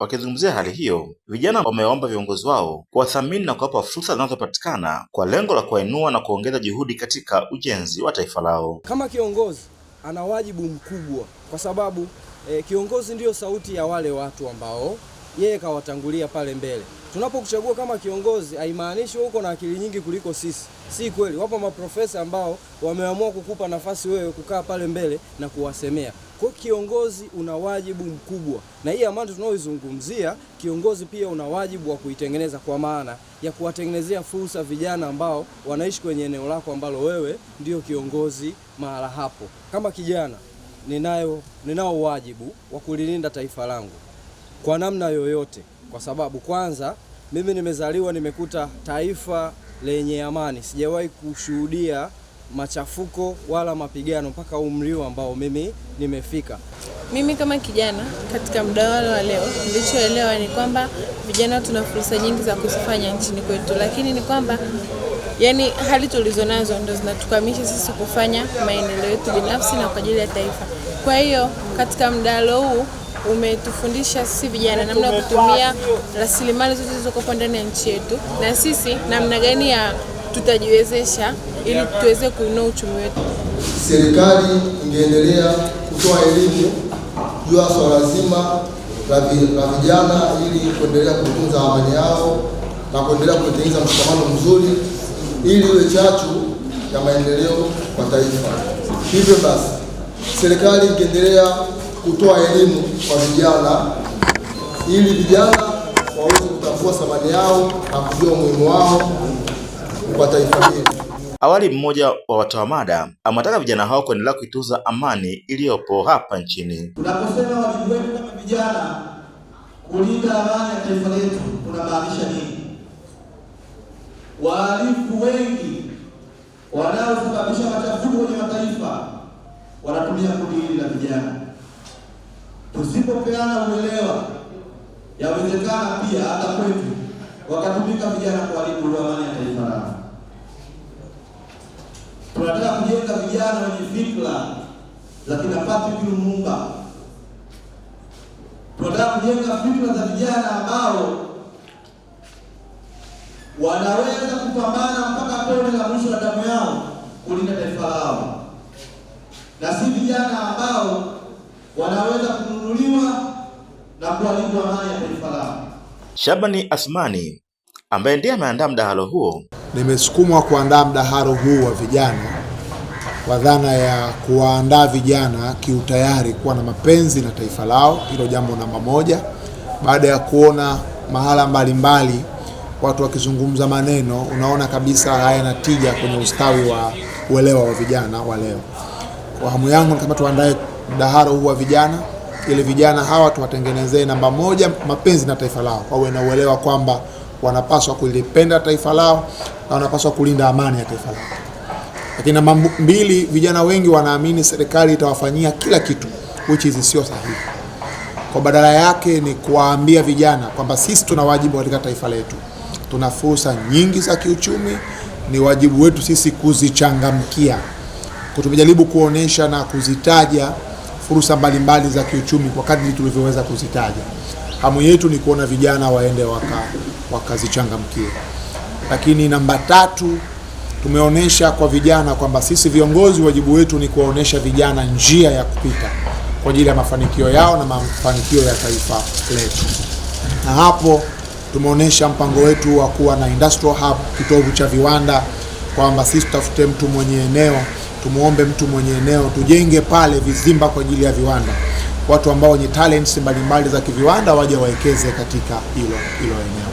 Wakizungumzia hali hiyo, vijana wameomba viongozi wao kuwathamini na kuwapa fursa zinazopatikana kwa lengo la kuwainua na kuongeza juhudi katika ujenzi wa taifa lao. Kama kiongozi ana wajibu mkubwa kwa sababu eh, kiongozi ndiyo sauti ya wale watu ambao yeye kawatangulia pale mbele. Tunapokuchagua kama kiongozi, haimaanishi uko na akili nyingi kuliko sisi, si kweli. Wapo maprofesa ambao wameamua kukupa nafasi wewe kukaa pale mbele na kuwasemea. Kwa kiongozi una wajibu mkubwa, na hii amani tunaoizungumzia, kiongozi pia una wajibu wa kuitengeneza, kwa maana ya kuwatengenezea fursa vijana ambao wanaishi kwenye eneo lako ambalo wewe ndio kiongozi mahala hapo. Kama kijana, ninayo ninao wajibu wa kulilinda taifa langu kwa namna yoyote, kwa sababu kwanza mimi nimezaliwa nimekuta taifa lenye amani, sijawahi kushuhudia machafuko wala mapigano mpaka umri ambao mimi nimefika. Mimi kama kijana katika mdawalo wa leo, nilichoelewa ni kwamba vijana tuna fursa nyingi za kuzifanya nchini kwetu, lakini ni kwamba yani hali tulizonazo ndo zinatukamisha sisi kufanya maendeleo yetu binafsi na kwa ajili ya taifa. Kwa hiyo katika mdawalo huu umetufundisha sisi vijana namna ya kutumia rasilimali zote zilizoko ndani ya nchi yetu, na sisi namna gani ya tutajiwezesha ili tuweze kuinua uchumi wetu. Serikali ingeendelea kutoa elimu juu ya swala zima la vijana ili kuendelea kutunza amani yao na kuendelea kutengeneza mshikamano mzuri ili iwe chachu ya maendeleo kwa taifa. Hivyo basi serikali ingeendelea kutoa elimu kwa vijana ili vijana waweze kutambua thamani yao na kujua umuhimu wao kwa taifa hili. Awali mmoja wa watoa mada amewataka vijana hao kuendelea kuitunza amani iliyopo hapa nchini. Tunaposema wajibu wetu kama vijana kulinda amani ya taifa letu, tunamaanisha nini? Wahalifu wengi wanaosababisha machafuko kwenye mataifa wanatumia kundi hili la vijana. Tusipopeana uelewa, yawezekana pia hata kwetu wakatumika vijana kuharibu amani ya taifa lao. Tunataka kujenga vijana wenye fikra za kina Patrick Lumumba. Tunataka kujenga fikra za vijana ambao wanaweza kupambana mpaka tone la mwisho la damu yao kulinda taifa lao, na si vijana ambao wanaweza na ya taifa lao. Shabani Asmani ambaye ndiye ameandaa mdahalo huo, nimesukumwa kuandaa mdahalo huu wa vijana kwa dhana ya kuwaandaa vijana kiutayari kuwa na mapenzi na taifa lao. Hilo jambo namba moja, baada ya kuona mahala mbalimbali mbali, watu wakizungumza maneno unaona kabisa hayana tija kwenye ustawi wa uelewa wa vijana wa leo. Kwa hamu yangu, kama tuandae mdahalo huu wa vijana ili vijana hawa tuwatengenezee namba moja, mapenzi na taifa lao, wawe na uelewa kwamba wanapaswa kulipenda taifa lao na wanapaswa kulinda amani ya taifa lao. Lakini namba mbili, vijana wengi wanaamini serikali itawafanyia kila kitu, which is sio sahihi. Kwa badala yake ni kuwaambia vijana kwamba sisi tuna wajibu katika taifa letu, tuna fursa nyingi za kiuchumi, ni wajibu wetu sisi kuzichangamkia. Tumejaribu kuonesha na kuzitaja fursa mbalimbali za kiuchumi kwa kadri tulivyoweza kuzitaja. Hamu yetu ni kuona vijana waende waka wakazichangamkie. Lakini namba tatu, tumeonyesha kwa vijana kwamba sisi viongozi wajibu wetu ni kuwaonyesha vijana njia ya kupita kwa ajili ya mafanikio yao na mafanikio ya taifa letu, na hapo tumeonyesha mpango wetu wa kuwa na industrial hub, kitovu cha viwanda, kwamba sisi tutafute mtu mwenye eneo Tumuombe mtu mwenye eneo, tujenge pale vizimba kwa ajili ya viwanda, watu ambao wenye talents mbalimbali za kiviwanda waje wawekeze katika hilo hilo eneo.